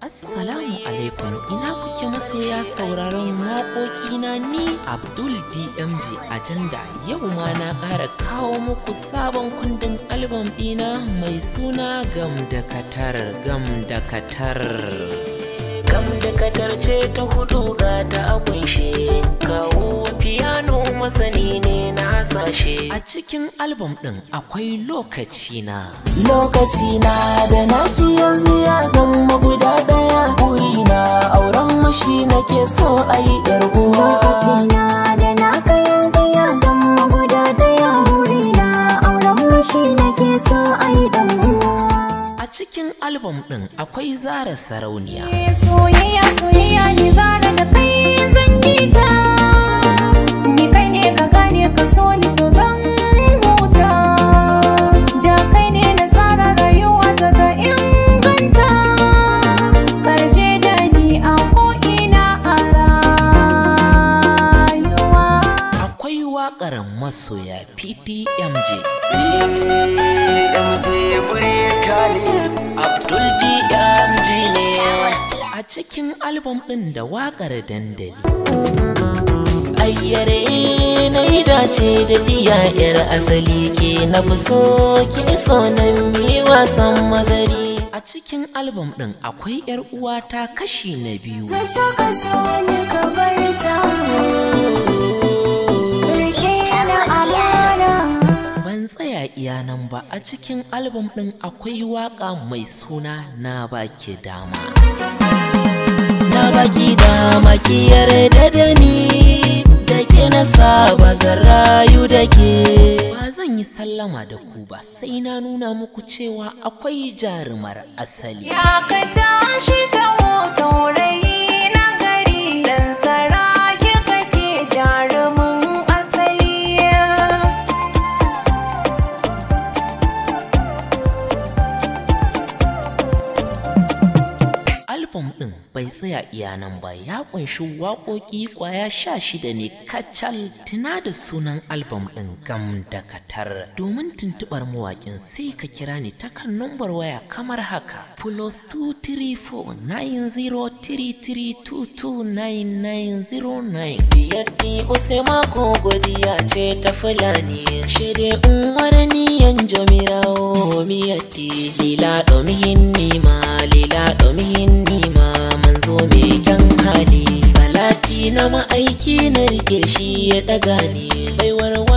Assalamu alaikum ina kuke masoya sauraron waƙoƙi na ni Abdul DMG Ajanda yau ma na ƙara kawo muku sabon kundin album ɗina mai suna gam da katar gam da katar. Gam da katar ce ta hudu ga ta kunshe kawo piano masani ne. ƙarshe a cikin album ɗin akwai lokaci na lokaci na da naci yanzu ya zama guda ɗaya buri na auren mashi nake so a yi yar lokaci na da na ka yanzu ya zama guda ɗaya buri na auren mashi nake so a yi a cikin album ɗin akwai zara sarauniya eh, soyayya soyayya ne zara da waƙar masoya PTMJ. a cikin album ɗin da waƙar dandali. Ayyare na yi dace da iya 'yar asali ke na fi so ki so nan mi wasan madari. A cikin album ɗin akwai 'yar uwa ta kashi na biyu. iya nan ba a cikin album ɗin akwai waƙa mai suna na baki dama na baki dama ki yarda da ni da ke na saba zan rayu da ke ba zan yi sallama da ku ba sai na nuna muku cewa akwai jarumar asali ya ta shi ta album ɗin bai tsaya iyanan ba ya ƙunshi waƙoƙi kwaya sha shida ne kacal tuna da sunan albam ɗin gam da Domin tuntuɓar mawaƙin sai ka kira ni ta kan nambar waya kamar haka plus 234 biyar Biyatti Usema mako godiya ce ta Fulani, shide Umarni yan miyatti, lila domin ni mali. jiki na rike shi ya ɗaga ni baiwar